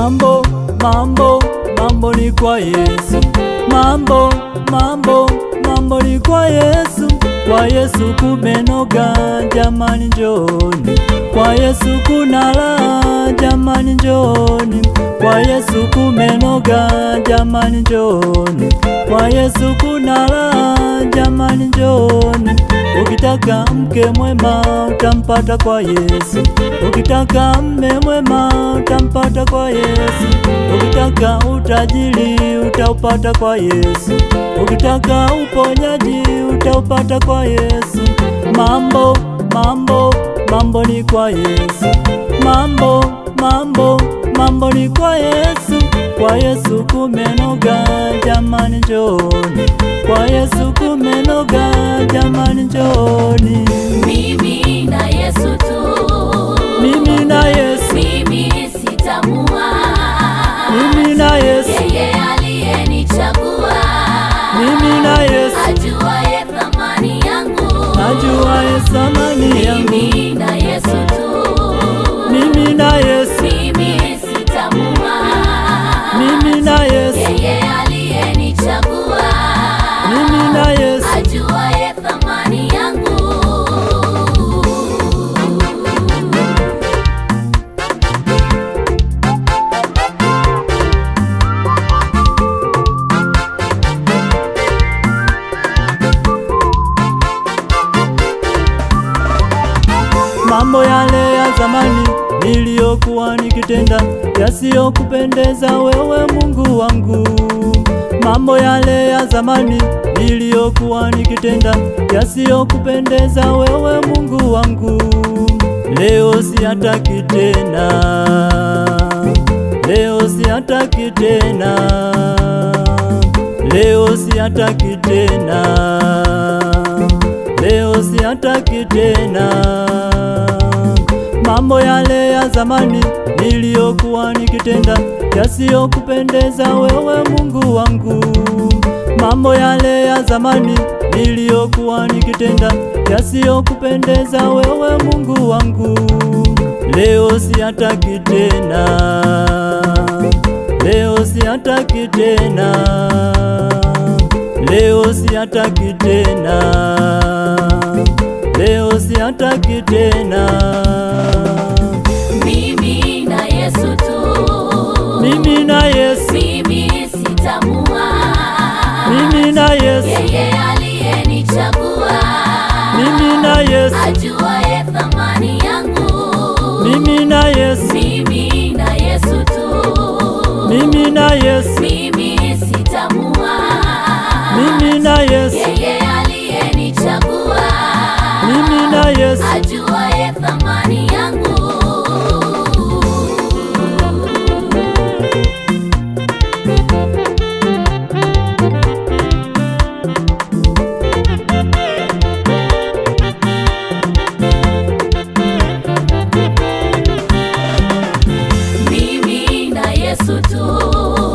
Mambo, mambo, mambo ni kwa Yesu. Mambo, mambo, mambo ni kwa Yesu. Kwa Yesu kumenoga, jamani njoni. Kwa Yesu kuna raha, jamani njoni. Kwa Yesu kumenoga, jamani njoni. Kwa Yesu kuna raha, jamani njoni. Ukitaka mke mwema utampata kwa Yesu, ukitaka mme mwema utampata kwa Yesu, ukitaka utajiri utaupata kwa Yesu, ukitaka uponyaji utaupata kwa Yesu. Mambo mambo mambo ni kwa Yesu, mambo mambo mambo ni kwa Yesu. Kwa Yesu kumenoga, jamani njoni, Kwa Yesu kumenoga, jamani njoni, Mimi na Yesu tu jina Yesu, ajuaye thamani yangu. Mambo yale ya zamani niliyokuwa nikitenda yasiyokupendeza wewe Mungu wangu mambo yale ya zamani niliyokuwa nikitenda yasiyokupendeza wewe Mungu wangu, leo siyataki tena, leo siyataki tena, leo siyataki tena, leo siyataki tena mambo yale ya zamani niliyokuwa nikitenda yasiyokupendeza wewe Mungu wangu, mambo yale ya zamani niliyokuwa nikitenda yasiyokupendeza wewe Mungu wangu, leo siyataki tena, leo siyataki tena, leo siyataki tena, leo siyataki tena. mimi na Yesu, yeye aliyenichagua mimi na Yesu, ajuaye thamani yangu mimi na Yesu, mimi na Yesu tu, mimi na Yesu, mimi sitamua mimi na Yesu Yesu tu.